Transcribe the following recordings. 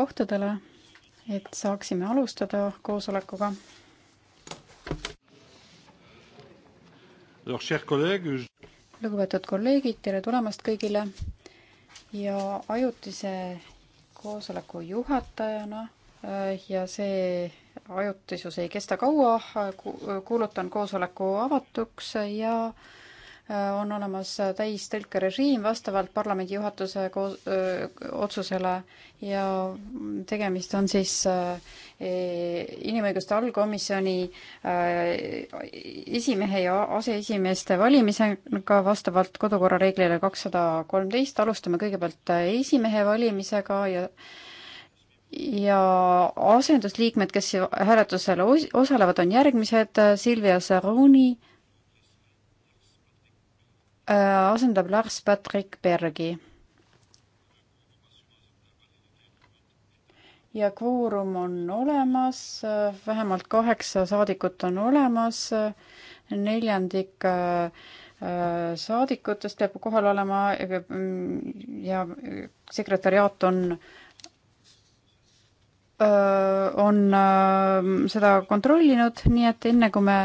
kohtadele, et saaksime alustada koosolekuga. lugupeetud kolleegid, tere tulemast kõigile ja ajutise koosoleku juhatajana äh, ja see ajutisus ei kesta kaua, äh, kuulutan koosoleku avatuks ja Äh, on olemas äh, täistõlkerežiim vastavalt parlamendi juhatuse koos, öö, äh, otsusele ja tegemist on siis e-, inimõiguste allkomisjoni esimehe ja aseesimeeste valimisega vastavalt kodukorra reeglile kakssada kolmteist. alustame kõigepealt esimehe valimisega ja ja asendusliikmed, kes hääletusel osalevad, on järgmised Silvia Saruni, Äh, asendab Lars Patrick Bergi. ja kvoorum on olemas, äh, vähemalt kaheksa saadikut on olemas, äh, neljandik saadikutest peab kohal olema mm, ja sekretäriaat on on seda kontrollinud, nii et enne kui me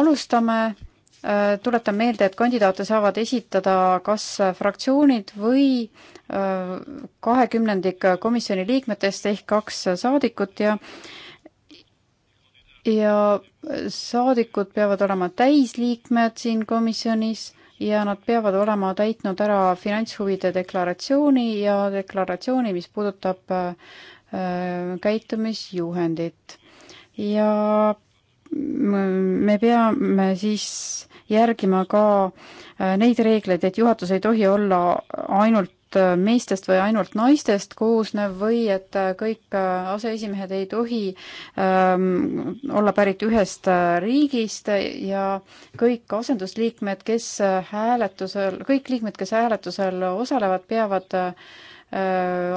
alustame, Äh, tuletan meelde, et kandidaate saavad esitada kas fraktsioonid või äh, kahekümnendik komisjoni liikmetest ehk kaks saadikut ja ja saadikud peavad olema täisliikmed siin komisjonis ja nad peavad olema täitnud ära finantshuvide deklaratsiooni ja deklaratsiooni, mis puudutab äh, käitumisjuhendit. ja me peame siis järgima ka äh, neid reegleid, et juhatus ei tohi olla ainult äh, meestest või ainult naistest koosnev või et äh, kõik aseesimehed ei tohi ähm, olla pärit ühest riigist ja kõik asendusliikmed, kes hääletusel, kõik liikmed, kes hääletusel osalevad, peavad äh,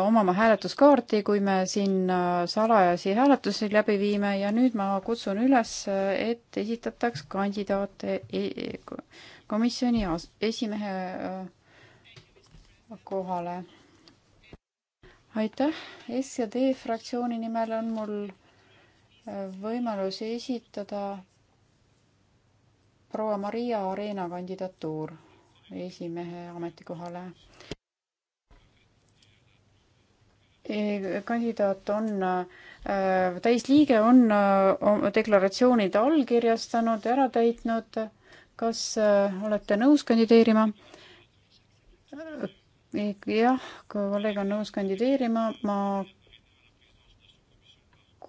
omama hääletuskaarti, kui me siin salajasi hääletusi läbi viime ja nüüd ma kutsun üles, et esitataks kandidaate e-, komisjoni esimehe kohale. aitäh, S ja D fraktsiooni nimel on mul võimalus esitada proua Maria Arena kandidatuur esimehe ametikohale. Eh, kandidaat on eh, täisliige, on eh, deklaratsioonid allkirjastanud, ära täitnud. kas olete nõus kandideerima? jah, kolleeg on nõus kandideerima, ma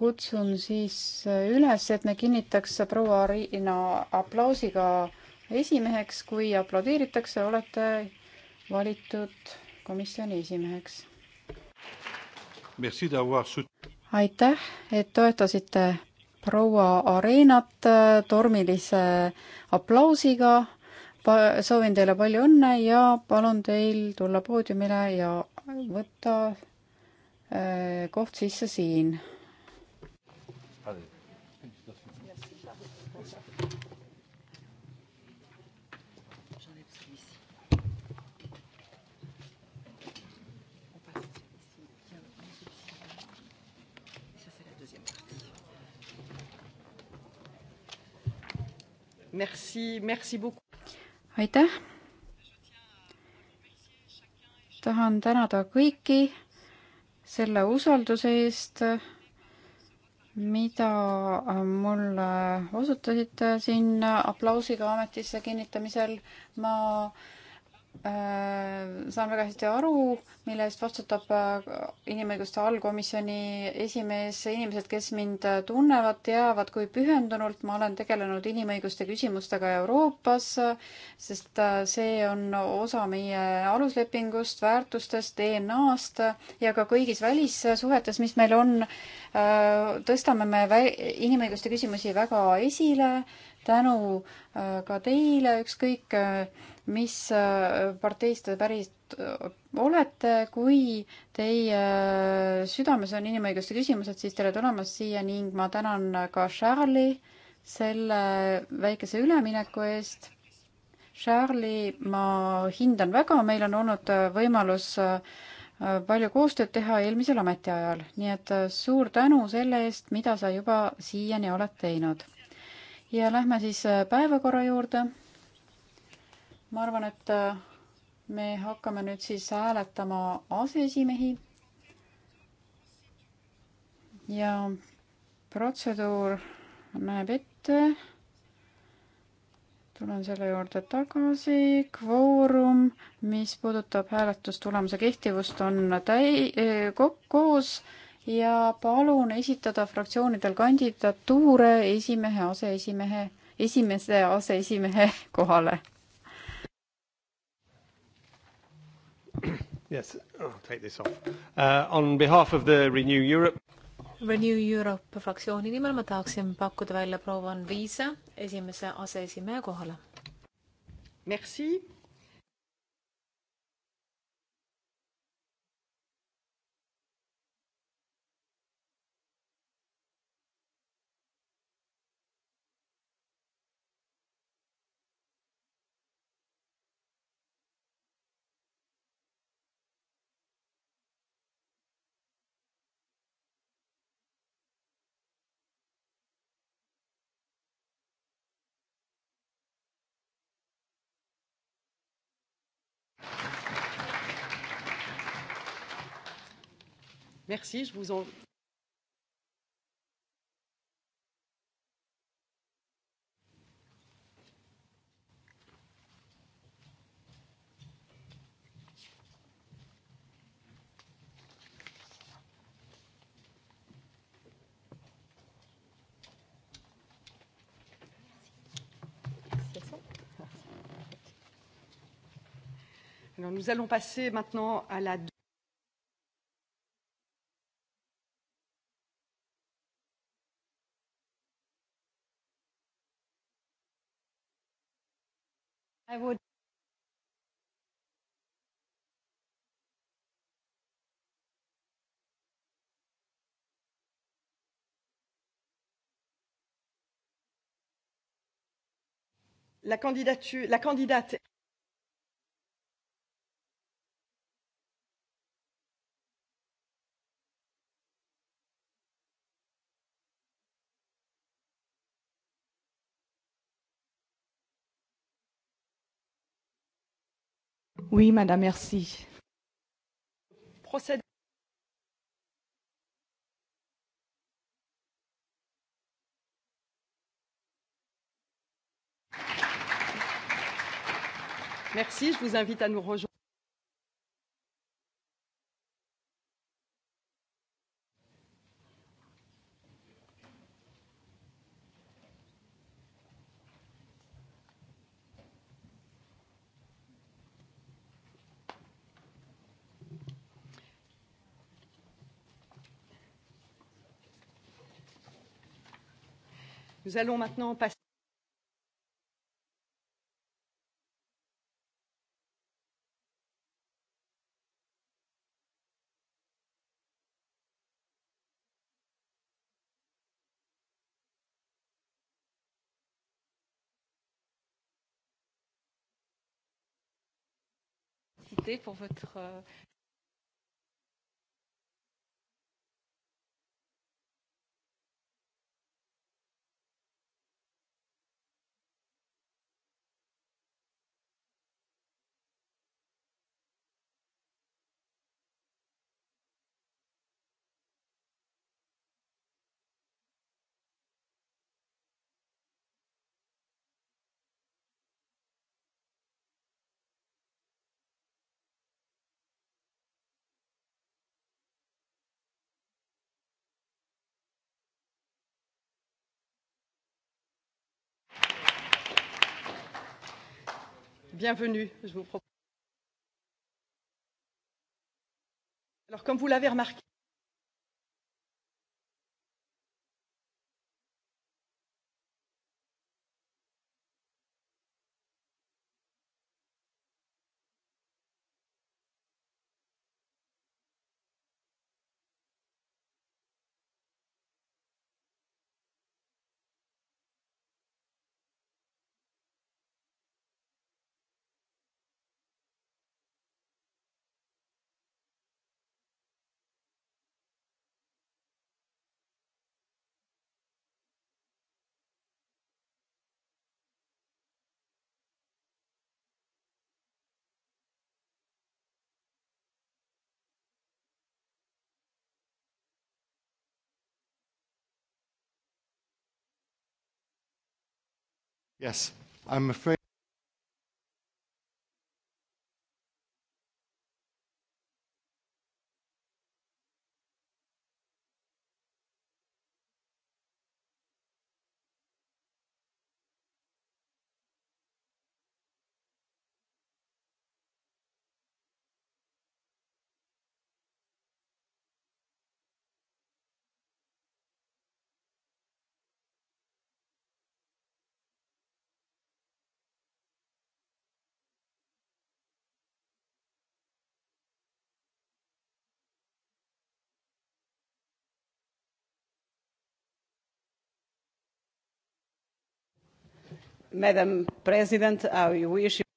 kutsun siis üles, et me kinnitaks proua Riina aplausiga esimeheks, kui aplodeeritakse, olete valitud komisjoni esimeheks aitäh, et toetasite proua Areenat äh, tormilise aplausiga. soovin teile palju õnne ja palun teil tulla poodiumile ja võtta äh, koht sisse siin aitäh! tahan tänada kõiki selle usalduse eest, mida mulle osutasite siin aplausiga ametisse kinnitamisel. ma äh, Äh, saan väga hästi aru, mille eest vastutab äh, inimõiguste allkomisjoni esimees. inimesed, kes mind äh, tunnevad, teavad, kui pühendunult ma olen tegelenud inimõiguste küsimustega Euroopas, sest see on osa meie aluslepingust, väärtustest, DNA-st ja ka kõigis välissuhetes, mis meil on, tõstame me inimõiguste küsimusi väga esile tänu ka teile, ükskõik mis äh, parteist te pärit olete, kui teie äh, südames on inimõiguste küsimused, siis tere tulemast siia ning ma tänan ka Charlie selle väikese ülemineku eest. Charlie, ma hindan väga, meil on olnud äh, võimalus palju koostööd teha eelmisel ametiajal, nii et suur tänu selle eest, mida sa juba siiani oled teinud. ja lähme siis päevakorra juurde ma arvan, et äh, me hakkame nüüd siis hääletama aseesimehi. ja protseduur näeb ette. tulen selle juurde tagasi. kvoorum, mis puudutab hääletustulemuse kehtivust, on täi-, äh, koos ja palun esitada fraktsioonidel kandidatuure esimehe, aseesimehe, esimese aseesimehe kohale Yes, I'll oh, take this off. Uh, on behalf of the Renew Europe. Renew Europe fraktsiooni nimel ma tahaksin pakkuda välja proua Anviisa esimese aseesimehe kohale. Merci Merci, je vous en Alors nous allons passer maintenant à la La, candidature, la candidate Oui, madame, merci. Procédure. merci. Je vous invite à nous rejoindre. Nous allons maintenant passer. féliciter pour votre euh, bienvenue. Je vous propose... Alors, comme vous l'avez remarqué, Yes, I am afraid. madam president i wish you all the best.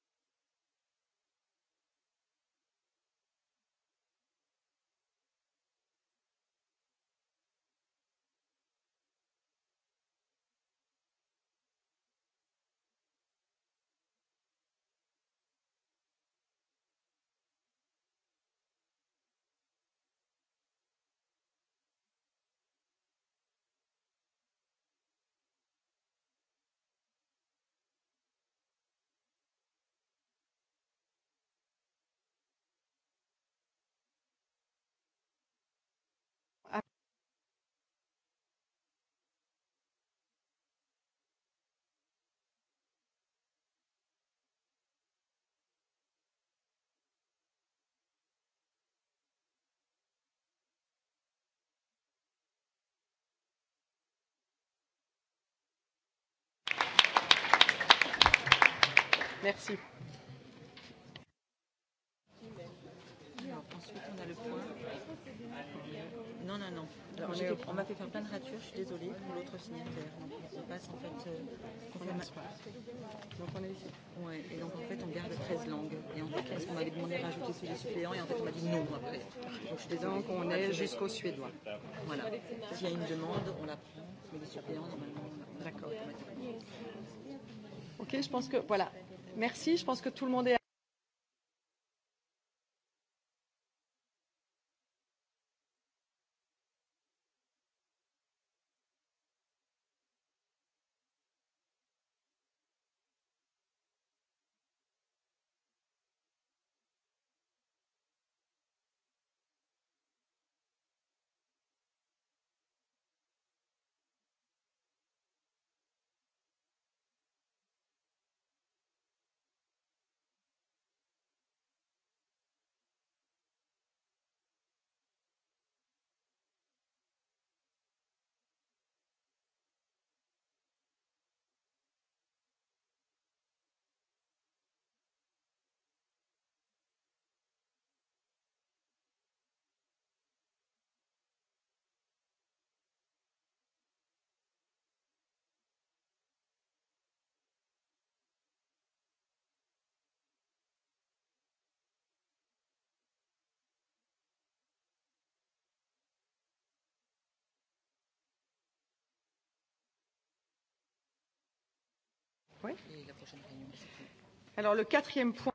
Merci. Ensuite, on a le point. Non, non, non. Alors, on, est, on m'a fait faire plein de ratures, je suis désolée, pour l'autre signataire. Donc, on passe en fait. Euh, on a... Donc, on est ici. Ouais, et donc en fait, on garde 13 langues. Et en fait, parce qu'on m'avait demandé de rajouter celui suppléant, et en fait, on m'a dit non après. Donc, je suis désolée. Donc, on est jusqu'au suédois. Voilà. S'il y a une demande, on la prend, mais les suppléants, normalement. D'accord. Ok, je pense que. Voilà. Merci, je pense que tout le monde est Oui. Et la prochaine réunion. Alors le quatrième point.